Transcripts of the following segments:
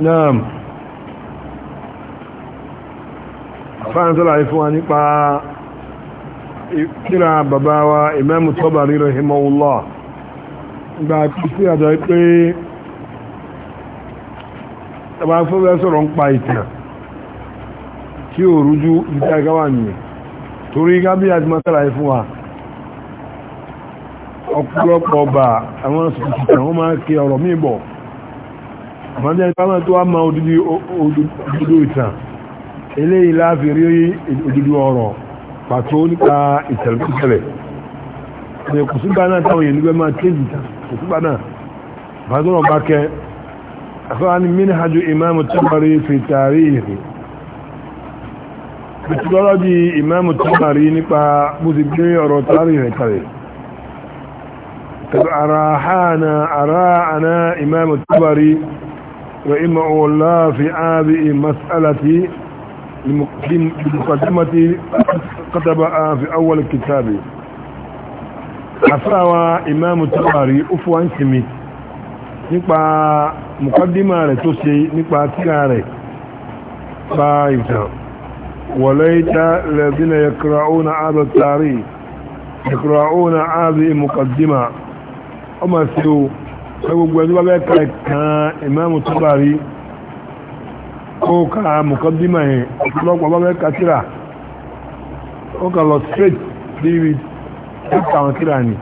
náàm fáyẹ̀ntọ́lá fún wa nípa kíra bàbá wa Imam Tabari rahimahullah gba kí sí àjọ pé ẹbá fẹ́fẹ́ sọ̀rọ̀ ń pa ìtàn kí o rújú ìdágáwà nìyẹn torí gábí àti mọ́tàlá fún wa ọ̀pọ̀lọpọ̀ ọba àwọn sọ̀tìtàn wọ́n máa kí ọ̀rọ̀ bọ̀ àmọ́jẹ́ ìpamọ́ tó wá ma òdúdú ìtàn eléyìí láàfin rí òdúdú ọ̀rọ̀ pàtó nípa ìtẹ̀lẹ̀ kò sígbà náà táwọn èèyàn nígbẹ́ máa tẹ́jì ìtàn kò sígbà náà bàtọ́rọ̀ bá kẹ́ afẹ́wà ní mínhàjú imáàmù Tabari fi tàríhì pẹ̀tùtọ́lọ́dì imáàmù Tabari nípa bó ti gbé ọ̀rọ̀ tàríhì kalẹ̀ tàbí àràhánà àràhánà imáàmù Tabari وإما الله في هذه مسألة بمقدمة كتبها في أول كتابه àfáwà ìmáàmù tàbàrí òfúwà ń sinmi nípa mùkọ́dímà rẹ̀ tó ṣe nípa tíra rẹ̀ bá ìtàn wọ̀lẹ́ ìta lẹ́bínà yẹkùràúnà ààbẹ̀ tàrí yẹkùràúnà ààbẹ̀ mùkọ́dímà ọmọ sí o gbogbo ẹni wọ́n ka ìkan ìmáàmù Tabari ka mùkọ́dímà yẹn ọ̀pọ̀lọpọ̀ wọ́n bẹ́ ka ó kà lọ straight david ó wọn síra ni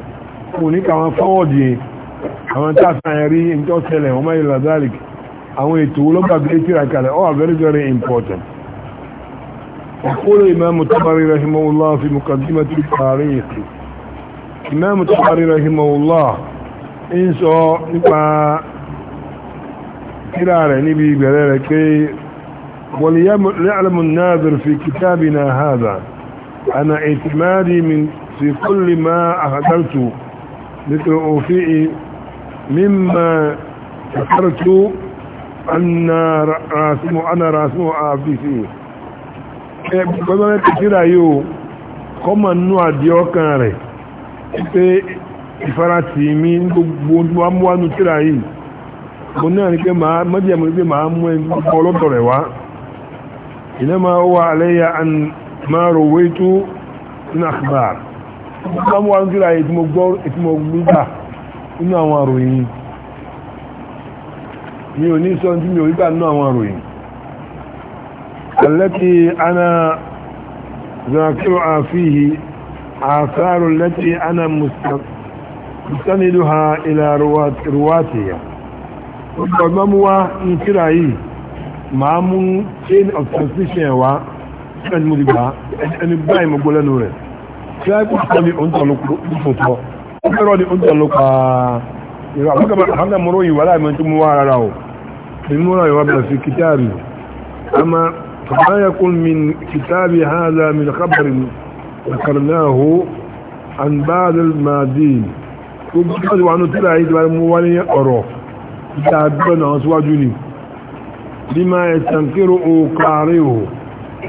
ní wọn fọ́wọ́dì yẹn àwọn tá a rí ẹjọ́ sẹlẹ̀ wọ́n àwọn ètò very very important. ń sọ nípa kíra rẹ̀ níbi ìbẹ̀rẹ̀ rẹ̀ pé وليعلم الناظر في كتابنا هذا أنا اعتمادي من في كل ما أهدرت ذكر أوفئي مما ذكرت أن راسمه أنا راسمه أعفي فيه gbogbo ẹgbẹ́ kíra yóò kọ́mọ̀ nínú àdíọ́kan rẹ̀ pé ìfarati mi gbogbo amúwánu tíra yìí mo náà ní pé máa mọ́jẹ́ mo ní pé máa mú ẹni gbogbo ọlọ́tọ̀ rẹ̀ wá iná máa wà àlẹ́yà máa rò wé tó nínú àkùbà gbogbo amúwánu tíra yìí tí mo gbọ́ tí mo gbúgbà nínú àwọn àròyìn mi ò ní sọ tí mi ò rí gbà nínú àwọn àròyìn التي أنا ذاكرها فيه آثار التي أنا مستقبل يستندها إلى رواتها وقدموا انترائي معامل chain of transmission wa ẹni mo ti gbà ẹni báyìí mo gbọ́ lẹ́nu rẹ̀ tíráìpù sọ ni oúnjẹ olóko ìfòtọ́ ọ̀pẹ̀rọ ni oúnjẹ olóko ìrọ̀ àwọn ọmọ ròyìn wà láìmọ̀ tó mú wá rárá o èmi mú ráyọ̀ wá bẹ̀rẹ̀ sí kìtàbì àmà tàbáyàkùn min kìtàbì hàzà min kábàrin ìkàrnáhù àǹbáàdìl màdìl gbogbo ọjọ́ ti wà ní tíra yìí ti wà mú wá ní ọ̀rọ̀ ìta àgbẹ̀ náà síwájú ni bí máa ẹ̀sàn kírò òkààrí ò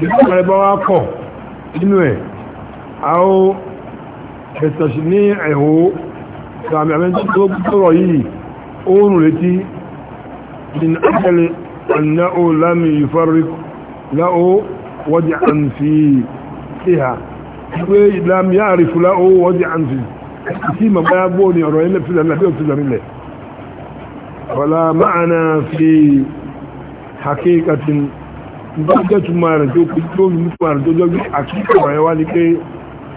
ìgbàlẹ̀ bá wá pọ̀ nínú ẹ̀ àó ẹ̀sàn sí ní ẹ̀hó sàmì àmẹ́jọ́ tó gbọ́rọ̀ yìí oòrùn létí in akẹ́lẹ̀ annáò lámì ìfarik láò wọ́dí àǹfì síhà wé lámì yáà rí wọ́dí àǹfì tí ma bá bó ní ọ̀rọ̀ ilẹ̀ fílẹ̀ lábẹ́ òtúlẹ̀ nílẹ̀ wọ́la ma'ana fi hakikatin bá jẹ́ túnmà rẹ̀ tó kú tó ní túnmà rẹ̀ tó jọ bí àkíkà wáyé wá ní pé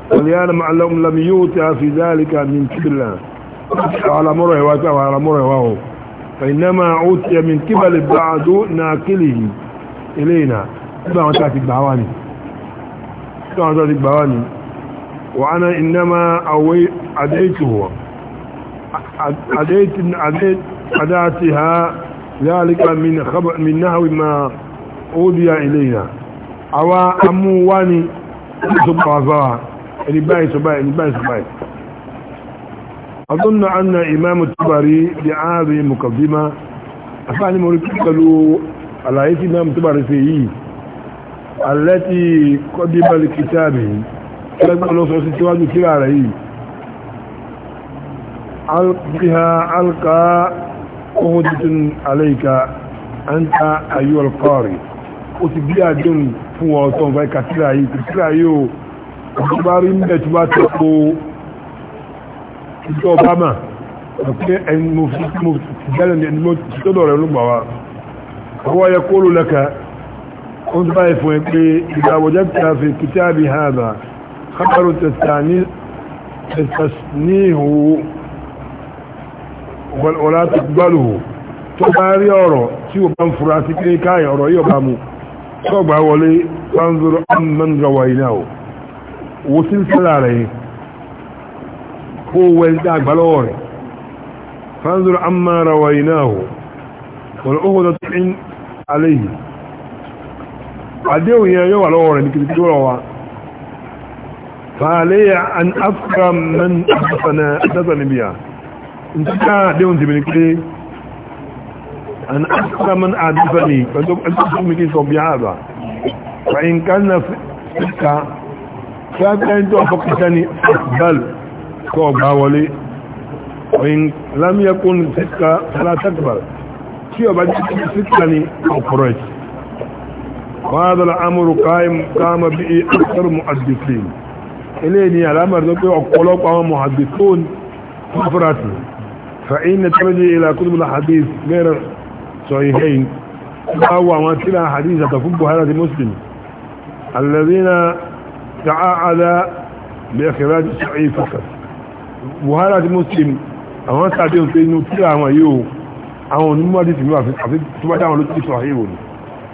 wàlíyàn ma'alam lami yóò tí a fi dáríkà min kíbìlà àwọn alamọ́rọ̀ ẹ̀wá tí àwọn alamọ́rọ̀ ẹ̀wá o وأنا إنما أوي أديته أديت أديت أداتها ذلك من خبر من نحو ما أودي إلينا أو أمواني سبعة رباي سبعي رباي سبعي أظن أن إمام التبري بهذه مقدمة أفعل مريكا له على إمام التبري فيه التي قدم لكتابه كتاب الله سبحانه وتعالى ألقها ألقى أهدة عليك أنت أيها القارئ وتبيع دون فواتون فايكا تلاهي تلاهيو أخباري مدى تباتكو تجوباما هو يقول لك كنت بايف إذا وجدت في كتاب هذا خبر تستعنيه wọ́lá ti gbálò tó bá rí ọ̀rọ̀ tí ó bá ń fura sí pé káyẹ̀ ọ̀rọ̀ yóò bá mú sọ́gbà wọlé pánzúrú ammangawa iná o wo sí sílá rẹ̀ kó wẹ́ dágbàlọ́wọ́ rẹ̀ pánzúrú ammangawa iná o wọ́n ó hódọ́ tí ń aléyìí nǹkan àdéhùn tèmi ni pé an asra man adifa ni pẹ̀lú ẹgbẹ́ mi kí sọ bí àbá fa in kan na fíkà fẹ́ẹ́ tó afọ́kúta ni bal kọ́ gbá wọlé ọ̀yìn lámíyàkún fíkà fẹ́látàkbal tí ọba jẹ́ fíkà ni ọ̀pọ̀rẹ́t وهذا الامر قائم قام به اكثر المحدثين اليه ni alamar da pe ọ̀pọ̀lọpọ̀ àwọn muhaddithun fafurati فإن ترجع إلى كتب الحديث غير صحيحين أو أمثلة حديثة تفب هذا المسلم الذين تعاعد بإخراج الصحيح فقط وهذا المسلم أما سعدين في إنه تلا ما يو أو نمو دي تنوى في الحفظ تبا دعوا لكي صحيح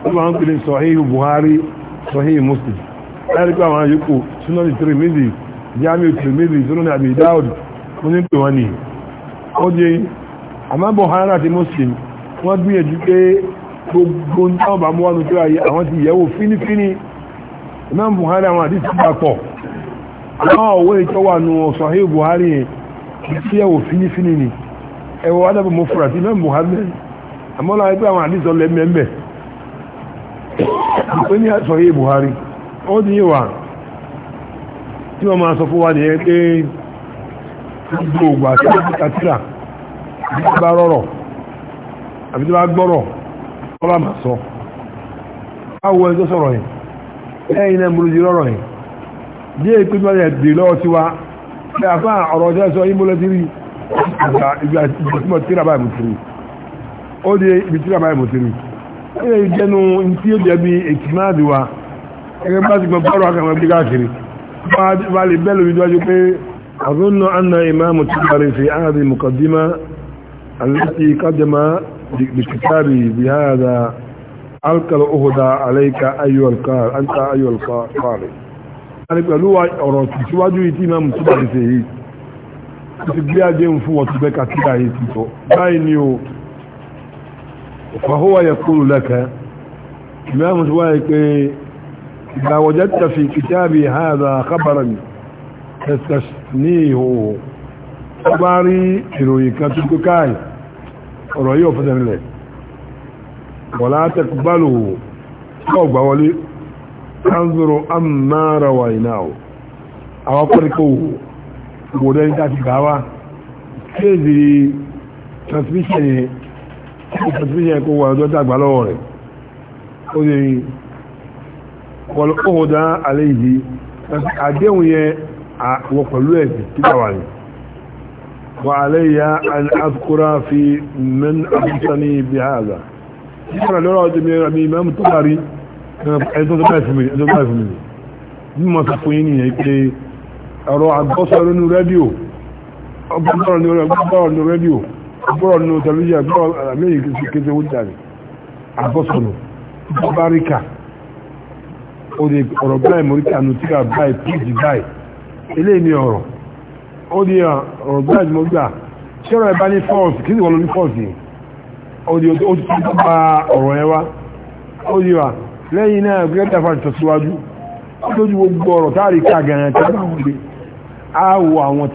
أما أنت صحيح بهاري صحيح مسلم ذلك ما يقول سنة الترمذي جامع الترمذي سنة أبي داود ونمت ونيه ó di àmá Buhari àti Muslim wọ́n gbìyànjú pé gbogbo náà mú tó ayé àwọn ti yẹ̀wò fínífíní ìmá Buhari àwọn àti àwọn òwe tó wà nù Buhari ti yẹ̀wò fínífíní ni ẹwọ́ adábọ̀ mọ́ fúra sí Buhari àmọ́lá ẹgbẹ́ àwọn àdìsọ lẹ́mẹ́mẹ́ ó ní Buhari ó tí wọ́n máa sọ fún wa nìyẹn pé gbogbo ògbà tí ó ti kàtírà bí ó bá rọrọ̀ àbí tó bá gbọ́rọ̀ ó bá máa sọ báwo ẹni tó sọ̀rọ̀ yìí ẹ̀yìn náà múlùú di rọrọ̀ yìí díẹ̀ pé tí wọ́n yẹ dè lọ́wọ́ tiwa ṣe àfá ọ̀rọ̀ ọjọ́ sọ yí múlẹ̀ tìrì ìgbà ìgbà ìgbà tìrà báyìí mùtìrì ó di ibi tìrà báyìí mùtìrì ó yẹ jẹnu tí ó jẹ bí ètìmáàdì wa ẹgbẹ́ bá ti gbọ́ bọ́ọ̀rọ̀ akẹ́kọ̀ọ́ bí káàkiri wọ́n á lè bẹ́ẹ̀ lómi أظن أن إمام التبري في هذه المقدمة التي قدم بكتابه بهذا ألقى الأهدى عليك أيها القارئ أنت أيها القارئ أنا قالوا أرى تسواجه إمام التبري فيه تبقى جيم فوة بك تبعي تيتو باين فهو يقول لك إمام التبري إذا وجدت في كتابي هذا خبرا ẹ̀sẹ̀sìníhò tó bá rí ìròyìn kan tó kó káì ọ̀rọ̀ yóò fẹ́ tẹ̀lẹ̀ wọ̀lá tẹ́kùbálò tó gbà wọlé kánzúrò amára wà ìnáwó àwọn kọ́ríkọ́ wòdẹ́ níta ti gbà wá kéèdì transmission yẹn transmission yẹn kó wà àdéhùn yẹn wọ pẹ̀lú ẹ̀sìn títà wà ní wàhálẹ́yà al'afkura fi min abúsani bí haza títà lọ́rọ̀ ọdún mẹ́rin àmì imam tókàrí ẹ̀sọ́ tó báyìí fún mi ní mọ̀ sọ fún yín ni pé ọ̀rọ̀ àgbọ́sọ̀rọ̀ ilé ni ọ̀rọ̀ ó di ọ̀gbá a gbà ṣé ọ̀rọ̀ ẹ̀bá ní fọ́ọ̀sì kí ìwọ̀n ló ní fọ́ọ̀sì ó di ó ti tó ọ̀rọ̀ ẹ wá ó di wà lẹ́yìn náà gẹ́gẹ́ fà tẹ̀síwájú ó lójú gbogbo ọ̀rọ̀ táàrí ká a wọn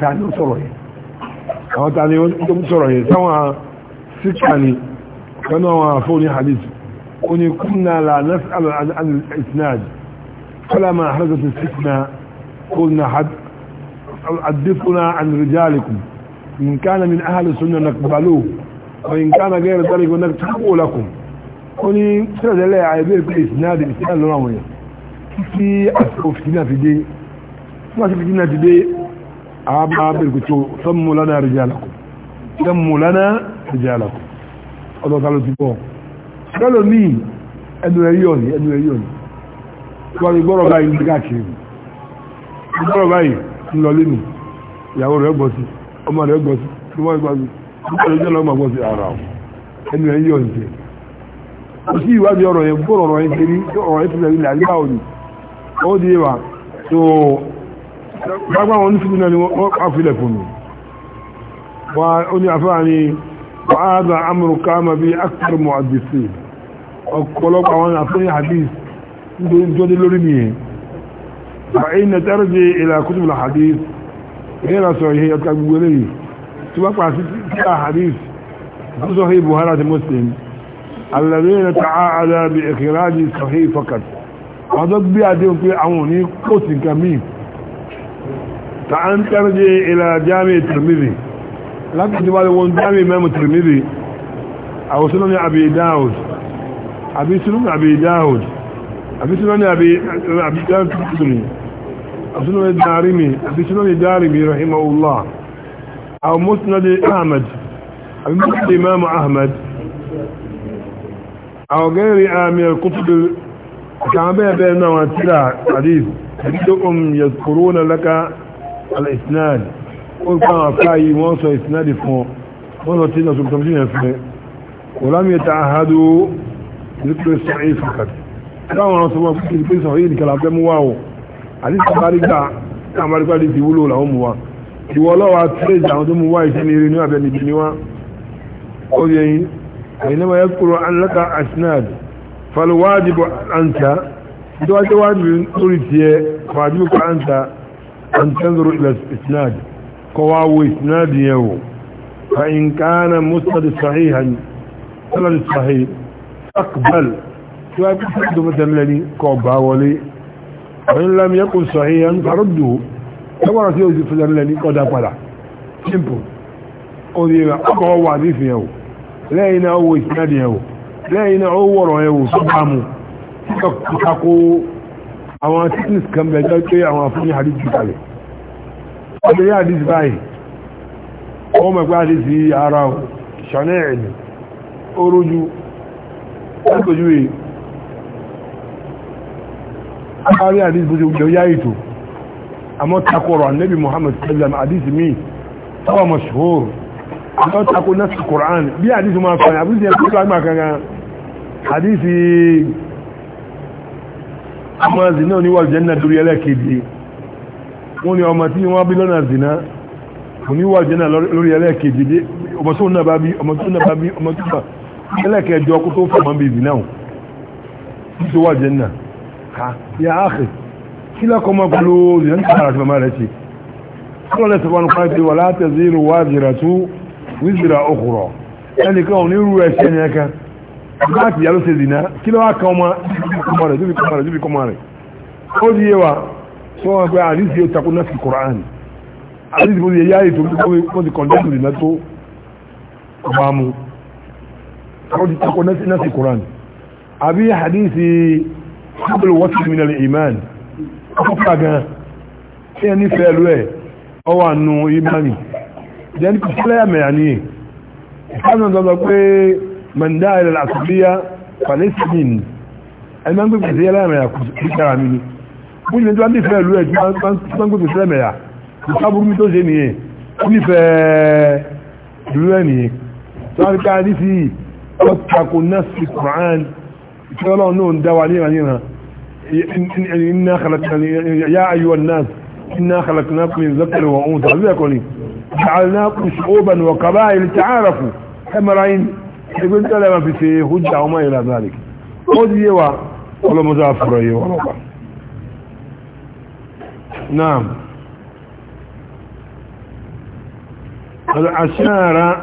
قلنا حدثنا عن رجالكم إن كان من أهل السنة نقبلوه وإن كان غير ذلك نقتحقوا لكم قلني سرد الله عيبير في إسناد الإسناد الرامية في أسفو فتنة في دي ما فتنة في دي أعب عبير كتو سموا لنا رجالكم سموا لنا رجالكم الله تعالى تقول قالوا مين أنه يوني أنه يوني قالوا يقولوا غير مكاكي lọ́rọ̀ báyìí ń lọ lẹ́nu ìyàwó rẹ̀ gbọ́ sí ọmọ rẹ̀ gbọ́ sí ọmọ rẹ̀ gbọ́ sí ọmọ rẹ̀ jẹ́ lọ́mọ gbọ́ sí ara yọ̀ kò sí ìwádìí ọ̀rọ̀ yẹn gbọ́rọ̀ ọ̀rọ̀ yẹn tẹ̀lé ọ̀rọ̀ yẹn tẹ̀lé ilẹ̀ àgbà òní ó di wa tó gbàgbà wọn ní fúnmi náà ni wọ́n fún mi ó ní فإن ترجع إلى كتب الحديث إلى صحيح التقبولي تبقى ستة حديث عن صحيح بهارة مسلم الذين تعاعد بإخراج صحيح فقط وضب بيعدهم في عوني قوس كمين فأن ترجع إلى جامع الترمذي لكن تكتب هذا هو جامع إمام الترمذي أو سنن أبي داود أبي سنن أبي داود أبي سنن أبي داود سنن الدارمي أبي سنن الدارمي رحمه الله أو مسند أحمد أبي مسند إمام أحمد أو غير من الكتب كعبية بيننا وانتلا حديث حديثكم يذكرون لك الإسناد قل كان أفاي وانسوا إسناد فون وانسوا تينا سبتمتين فيه ولم يتعهدوا ذكر الصحيح فقط كان وانسوا ما كنت صحيح لك العبد مواو àdìsí àbárí gbà ní àbárí gbà àdìsí wúlò làwọn mú wa ìwọ ọlọ́wà tírèjì àwọn tó mú wá ìṣẹ́ ní eré ní abẹ́ níbi ni wá ó yẹ yín ẹ̀yìn náà yẹ kúrò aláka asinad falùwádìí bọ̀ àǹtà tó wá jẹ́ wádìí lórí tiẹ̀ fàájú kọ àǹtà àǹtà ń zọrọ ilẹ̀ asinad kọ́ wá wo asinad yẹn wò fa in kana mustadi sahihan sanadi sahih akbal tí wá bí sọ́dọ̀ mọ́tẹ́lẹ́ni kọ́ bá wọlé وإن لم يكن صحيحا فرده ẹgbọ́n tí ó ti fẹ́lẹ̀ lẹ́ni kọ́dá padà simple òdìyàn ọkọ̀ wà ní fi ẹ̀wò lẹ́yìn náà owó ìsinádì ẹ̀wò lẹ́yìn náà ó wọ̀rọ̀ ẹ̀wò sọ́bàmù kíkàkó àwọn tíkìs kan bẹ̀jọ́ pé àwọn afúnni àdíjì kalẹ̀ kárí àdís bó ti gbẹ̀ yá ètò àmọ́ takọrọ annabi muhammad sallam àdís mi tọwọ́ mashhur àmọ́ takọ náà sí koran bí àdís ma fà ní àbúrúsí ẹ̀kọ́ tó àgbà kankan àdís ọmọ zina oníwà jẹ́nà dúró ẹlẹ́kejì wọ́n ni ọmọ tí wọ́n bí lọ́nà zina oníwà jẹ́nà lórí ẹlẹ́kejì ọmọ tó náà bá bí ọmọ tó náà bá bí ọmọ tó náà ẹlẹ́kẹjọ kó tó fọmọ bí zina ò tó wà jẹ́nà ká yà áàkì kí lọ́kọ́ mọ́ pẹ̀lú ìyẹn tí ara ti mọ́ rẹ̀ ṣe kọ́lọ̀ lẹ́sẹ̀ wọn kọ́ pé wà láti zíru wá zìrà tú wíṣìrà òkúrọ̀ ẹnìkan ò ní rú ẹ̀ṣẹ́ ni ẹ̀ka láti yà ló ṣe zìnà kí lọ́wọ́ kan ọmọ rẹ̀ síbi kọ́mọ rẹ̀ síbi kọ́mọ rẹ̀ ó di yé wa sọ wọn pé àdìsí yóò takú náà sí kùránì àdìsí mo ti yá ètò mo ti kọ̀ndẹ́sì قبل وصل من الإيمان أفقا يعني فعلوا أو أنه إيماني لأنك سلام يعني كان نضبط من داعي للعصبية فليس من المنقل بسلام يا كرامي bó ṣe tó wá nífẹ̀ẹ́ ìlú ẹ̀ tí wọ́n ń gbé pèsè lẹ́mẹ̀yà kò sábúrú tó ṣe nìyẹn ó nífẹ̀ẹ́ ìlú ẹ̀ nìyẹn tó wá ní ká ní sí ọ̀tàkùn náà sí Quran يقولون نون دوا علينا إن إن إن خلقنا يا أيها الناس إن خلقناكم من ذكر وأنثى هذا كوني جعلناكم شعوبا وقبائل تعارفوا كما يقول تلا ما في شيء هجع وما إلى ذلك ودي يوا ولا مزافر يوا نعم الأشارة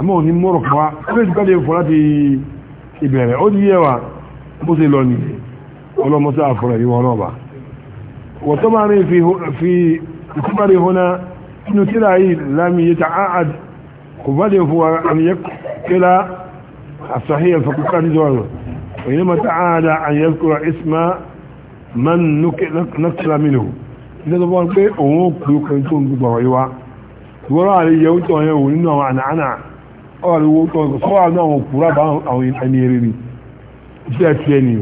àmọ́ òní mọ́rọ̀ fún wa ẹgbẹ́ ìjọba lè fọ́ láti ìbẹ̀rẹ̀ ó ti yé wa bó ṣe lọ nìyí ọlọ́mọsá àfọ̀rọ̀ yìí wọn ọba wọ́tọ́ máa rìn fi ìtúbárí hona inú tíra yìí lámì yìí ta áàd kò bá lè fún wa àmìyẹ kíra àṣàhí ẹ̀fọ́kúkà ní zọrọ̀ òyìn ma ta áàdà minu ilé tó bọ́ pé òun kan tó ń gbà wáyé wa wọ́rọ̀ àríyẹ ó tọ̀ yẹ wò ọ̀rẹ́wò sọ́wọ́ náà òkúra bá àwọn ẹni eré ni tí a ti ẹni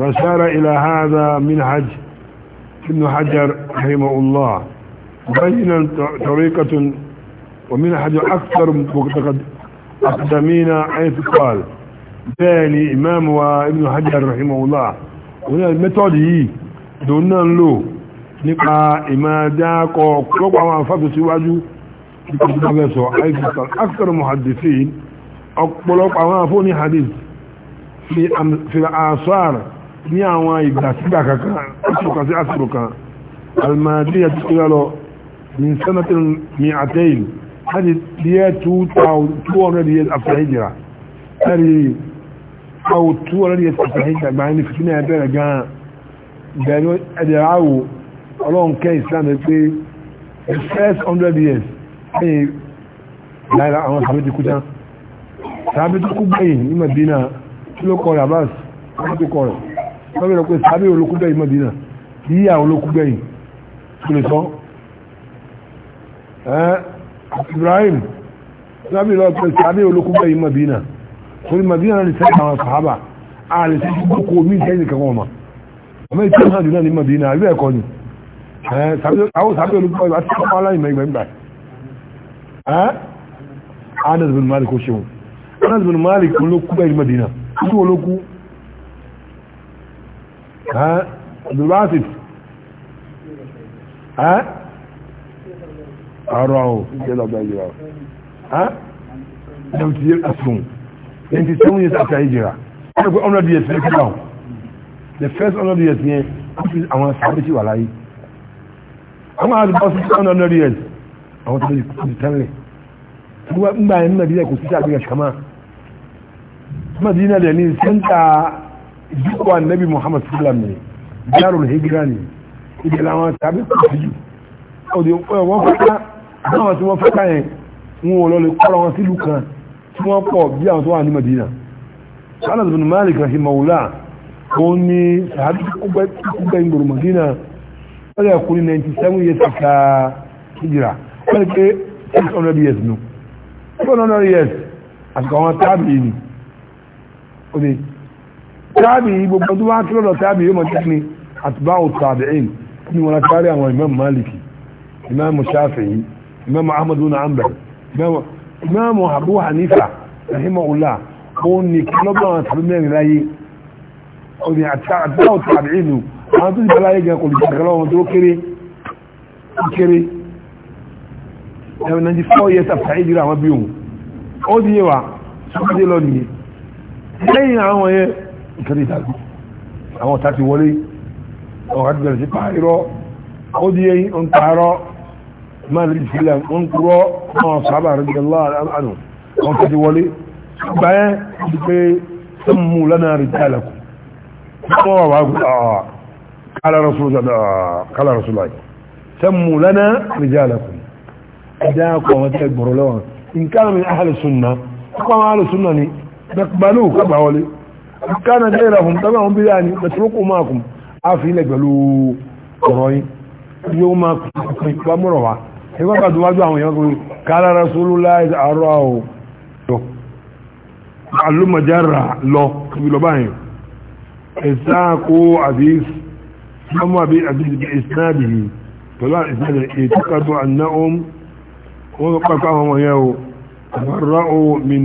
rasara ila hada min hajj ibn hajar rahimahullah bayyana tariqatun wa min hajj akthar muqtadamina ayat qal bani imam wa ibn hajar rahimahullah wala method yi don nan lo nípa imada ko ko àwọn afatu síwájú ìtàgbẹ́sọ̀ àìsàn akẹ́rọ mọ̀hàdìsí ọ̀pọ̀lọpọ̀ àwọn afọ́ní hadith fi àṣàr ní àwọn ìgbàsígbà kankan ọ̀ṣùkà sí àṣìrò kan almadi àti ìrọlọ ní sanatin ní àtẹ́yìn láti díẹ̀ 200 years after hijira láti àwọn 200 years after hijira gbáyé ní fìtínà ẹgbẹ̀rẹ̀ gan bẹ̀rẹ̀ ẹ̀dẹ̀ ráwò ọlọ́nkẹ́ ìsìlẹ̀ pé the first 100 years báyìí láìra àwọn sàbẹ́tì kú tán sàbẹ́tì kú báyìí ní Madina tí ló kọ rẹ̀ Abbas wọ́n tó kọ rẹ̀ wọ́n bẹ̀rẹ̀ pé sàbẹ́ olókú báyìí Madina yíyà olókú báyìí tó lè sọ Ibrahim sàbẹ́ lọ pé sàbẹ́ olókú báyìí Madina torí Madina lè sẹ́yìn àwọn sàhábà a lè sẹ́yìn kókó omi sẹ́yìn kankan wọn ọmọ ìtàn náà ní Madina àbí ẹ̀kọ́ ni àwọn sàbẹ́ olókú báyìí àti ọmọ aláìmọ̀ ìgbà ìgbà Eh? Anas bin Malik ó ṣeun Anas bin Malik olókú bẹ́ẹ̀ ní Madina tí olókú Abdulbasit àárọ̀ ahùn ìjẹ́lá ọ̀dá ìjìrà ọ̀dá ti yẹ́ asùn 27 years after ìjìrà ẹgbẹ́ 100 years ní kíkà the first 100 years yẹn kúrò àwọn sàbẹ̀tì wà láyé àwọn àdìbọ́sí 100 years àwọn tó lè kú tẹ́lẹ̀ nígbà yẹn nàìjíríà kò sí àgbéga kama madina da ni sẹ́ńtà ìdíkọ̀ nabi muhammad sallam ne darul hijira ne ìdí làwọn tàbí kò sí jù ọdí wọ́n fẹ́ká àwọn tí wọ́n fẹ́ká yẹn wọn ò lọlẹ̀ kọ́ra wọn sílùú kan tí wọ́n pọ̀ bí àwọn tó wà ní madina anas bin malik rahimahullah òun ni sàbí 97 years after hijira wọ́n pé 600 years nù 400 years àti àwọn tábì ni ó dé tábì gbogbo tó wá kílọ̀dọ̀ tábì yóò mọ̀ tí ni àtibá òtò àbẹ̀yìn ní wọn láti kárí àwọn imam maliki imam shafi'i imam ahmad bin ambal imam abu hanifa rahimahullah ó ní kílọ̀dọ̀ àwọn mẹ́rin láyé ó dé àtibá òtò àbẹ̀yìn nù àwọn tó ti bá láyé gan ẹ̀wọ̀n náà di four years after ìjírà àwọn bí òun ó di yé wa sọ́kọ́dé lọ nìyẹn lẹ́yìn àwọn yẹn ìkẹ́lẹ̀ ìdàgbé àwọn ọ̀tá ti wọlé ọ̀rọ̀ ti bẹ̀rẹ̀ sí pààrọ̀ ó di yẹn ń pààrọ̀ máa lè sílẹ̀ ń kúrọ̀ àwọn sábà rẹ̀ jẹ́ láàánú àwọn ọ̀tá ti wọlé gbà yẹn ti pé sẹ́mu lánàá rẹ̀ jẹ́ àlẹ́kù wọ́n wà wá gbà kálá ah, rasulullah kálá rasulullah sẹ́mu lánàá rẹ̀ jẹ́ àlẹ́kù ẹ̀dáàkọ̀ wọn tẹ́ gbọ̀rọ̀ lọ́wọ́n nǹkan mi ahàlù sunna kọ́ àwọn ahàlù sunna ni bẹ̀kbalú kọ́gbà wọlé nǹkan náà jẹ́ ìràfún tọ́gbà wọn bíyà ni bẹ̀tùrúkù máa kùn á fi ilẹ̀ pẹ̀lú ọ̀rọ̀ yín yóò máa kùn ìpa mọ̀rọ̀ wa ẹgbẹ́ bá tó wájú àwọn èèyàn kúrò kára Rasulullah àárọ̀ o lọ alúmọ̀jára lọ wọ́n tó pàpá àwọn ọmọ yẹn o àmọ́rọ́ o mi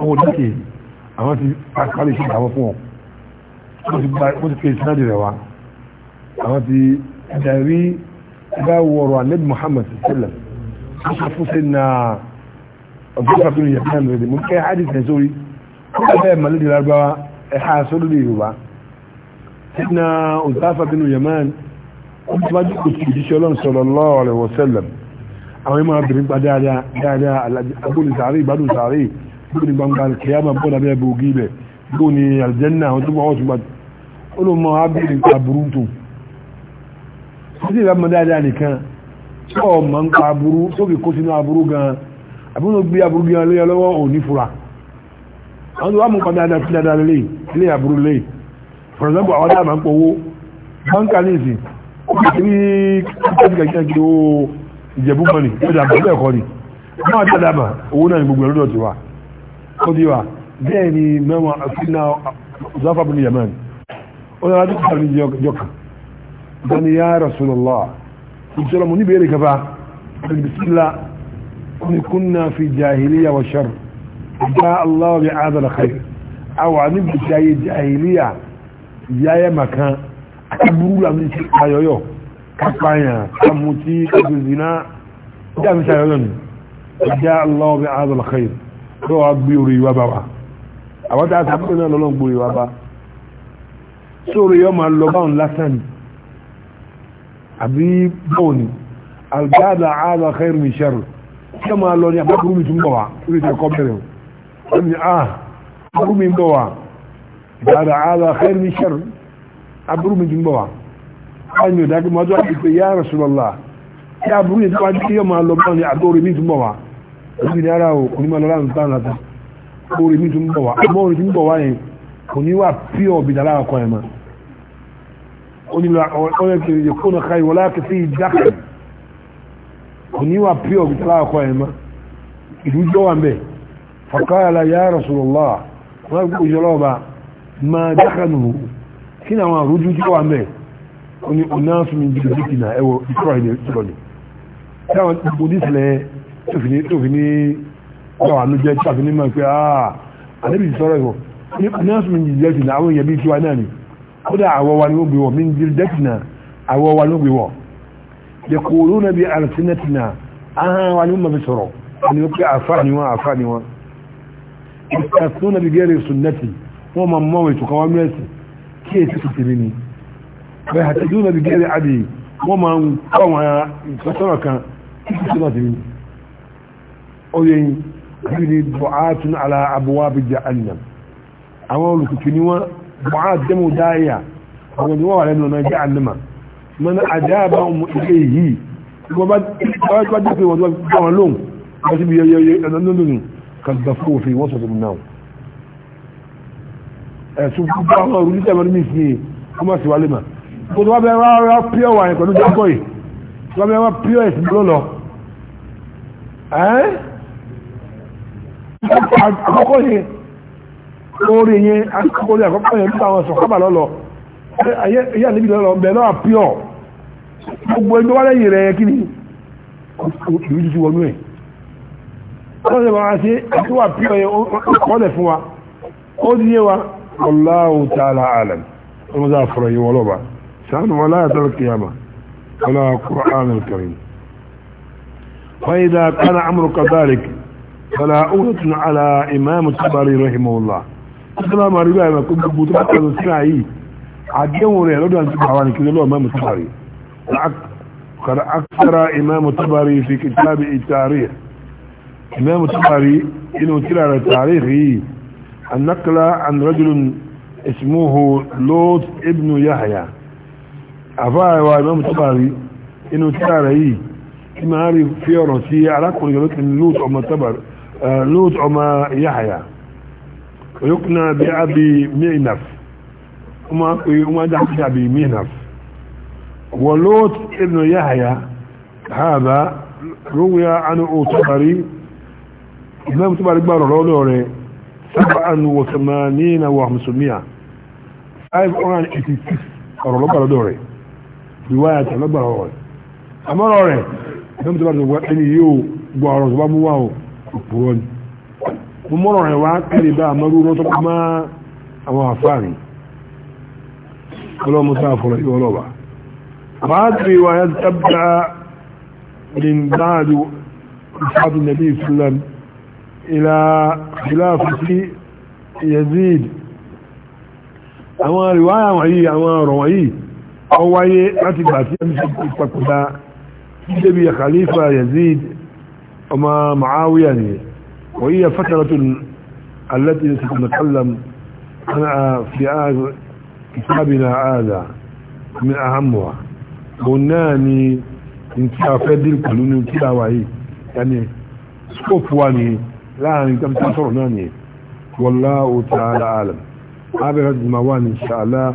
owó dókè àwọn ti pàkàlẹ̀ sí àwọn fún ọ wọ́n ti pè sí náà rẹ̀ wá àwọn ti dàrí bá wọ̀rọ̀ alẹ́ Muhammad sallam tó sọ fún sí na ọgbọ́n fún ìyẹn náà rẹ̀ mú kẹ́ hádìí tẹ̀ sórí kókò bẹ́ẹ̀ màlẹ́dì lágbára àwọn ìmọ̀ obìnrin gba dáadáa agbóni sàárè ìgbádùn sàárè gbóni gbangba kìyàmà bọ́ lábẹ́ bògì ibẹ̀ gbóni aljanna àwọn tó bọ́ ọ̀tún gbàtù olùmọ̀ abìnrin pa burú tó títí ìbámu dáadáa nìkan tí ọ̀ mọ̀ ń pa aburú sókè kó sínú aburú gan àbúrò gbé aburú gan lóyọ lọ́wọ́ òní fura àwọn tó wà mú pa dáadáa sí dáadáa lé ilé aburú lé for example àwọn dáàmà ń pọ̀ owó báńkà ní ìsìn ó kì í ìjẹ̀bú mọ́ni ọjà àbẹ̀bẹ̀ ẹ̀kọ́ ni máa dáadáa mà owó náà ni gbogbo ẹ̀rọ ti wà ó ti wà bẹ́ẹ̀ ni mẹ́wọ̀n àfihàn ọ̀záfà bùnú yamani ó náà láti kàrí ní jọkà bani ya rasulullah ìṣọ́lọ́mù ní bèèrè kafa bismillah ni kunna fi jahiliya wa shar ja allah bi adal khair awa ni bi jahiliya yaya makan akaburu la mi ti ayoyo كفاية أموتي كذنا جاء مثلا جاء الله بهذا الخير لو أكبر وبرا أودا تبقنا لو أكبر وبرا sórí yọ́ máa lọ báhùn lásán ni àbí bóòní algáàdà ààbà kẹrù ní ṣẹ́rù yọ́ máa lọ ní àbákùrú mi tún bọ̀ wá orí ti ẹ̀kọ́ bẹ̀rẹ̀ wọ́n ni ah àbúrú mi bọ̀ wá algáàdà ààbà kẹrù ní ṣẹ́rù àbúrú mi tún bọ̀ báyìí ò dákí mọ́jọ́ ìpè yá Rasulullah kí aburú yìí tíwájú kí yóò máa lọ bọ́ ní àgbórí mi túnbọ̀ wá òbí ní ara ò onímọ̀ lọ́la ń tán láti àgbórí mi túnbọ̀ wá àmọ́ orin túnbọ̀ wá yẹn kò ní wà pí ọ̀bì dára ọkọ ẹ̀ mọ́ onílọ ọ̀rẹ́ kiri yẹ kó nàka wọn kò yọ wà mẹ́ oni onáfin mi jìbìtì jìbìtì náà ẹwọ ìtura ìdè ìtura ni táwọn ìbòdì sílẹ̀ tófin ní tófin ní báwa ló jẹ tófin ní máa pé aa àdébìtì sọ̀rọ̀ ìwọ ní onáfin mi jìbìtì náà àwọn èèyàn bíi tiwa náà ni kódà àwọ̀ wa ni wọ́n gbé wọ̀ mi jìbìtì náà àwọ̀ wa ni wọ́n wọ̀ yẹkùrú náà bí alẹ́sìnẹ́tì ahọ́n wa ni wọ́n máa fi sọ̀rọ̀ àni wọ́n pé àfa ni wọ́n àfa ni wọ́n ويهتدون بغير عدي ومن قوى فتركا صلاة أولين كني دعاة على أبواب جهنم أقول لك كني دعاة دم داعية أقول لك أنا جهنم من أجابهم إليه وبعد بعد في وضع قولون بس بيأننن كذبوه في وسط النوم سبحان الله رجل أمر مثلي وما سوى لما kò tó wá bẹ wá wá pure wà ní pẹ̀lú jákọ̀ yìí tó wá bẹ wá pure ẹ̀sìn ló lọ ẹ́ àkọ́kọ́ yẹn lórí yẹn akọ́kọ́ yẹn àkọ́kọ́ yẹn nípa àwọn sọ̀kábà lọ́lọ́ ẹ̀yà níbi lọ́lọ́ bẹ̀ lọ́wọ́ pure gbogbo ẹgbẹ́ wálé yìí rẹ̀ kí ni ìlú tuntun wọnú ẹ̀ wọ́n lè máa ṣe àti wà pure yẹn kọ́lẹ̀ fún wa ó di yé wa Allahu ta'ala alam ọmọdé àfọ̀rọ̀ yìí wọ́n lọ́ba سأل ولا يدل القيامة ولا القرآن الكريم فإذا كان عمرك ذلك فلا أولة على إمام الطبري رحمه الله السلام عليكم كنت بطبعك السعي عجموا ريال ودعا سبحواني كذا له إمام الطبري قد أكثر إمام الطبري في كتاب التاريخ إمام الطبري إنه ترى التاريخ النقل عن رجل اسمه لوط ابن يحيى àfáàwà ìmọ̀mù tó bá rí inú tíra rẹ̀ yìí tí máa rí fi ọ̀rọ̀ sí arákùnrin olókè lóòtù ọmọ tábàrí lóòtù ọmọ yáhàyà ìwáyà tẹ̀ lọ́gbà ọ̀rọ̀ rẹ̀ àmọ́rọ̀ rẹ̀ lọ́mọ tó bá tọ̀gbọ́ ẹni yóò gbọ́ ọ̀rọ̀ tó bá mú wá o òpùrọ̀ ni mo mọ́rọ̀ rẹ̀ wá kẹ́lẹ̀ bá àmọ́rú rọ́tọ́ má àwọn àfáàrí ọlọ́mọ tá a fọ̀rọ̀ yóò lọ́wà àbáàtì ìwáyà àwọn ìwáyà àwọn ọ̀rọ̀ wọ̀nyí ọ wáyé láti gbà tí mc papòdá débi khalifa yazid ọmọ ma'awiya ne wọ́n yíya fataratun allati sanakallam ana fi kitabina hada min ahamwa òun náà ni tí a fẹ́ dín pẹ̀lú ní kí a wáyé yàní scope wa ni láàrin tẹ́mtẹ́ sọ̀rọ̀ náà wallahu ta'ala alam abẹ́rẹ́ jùmọ̀ wà insha Allah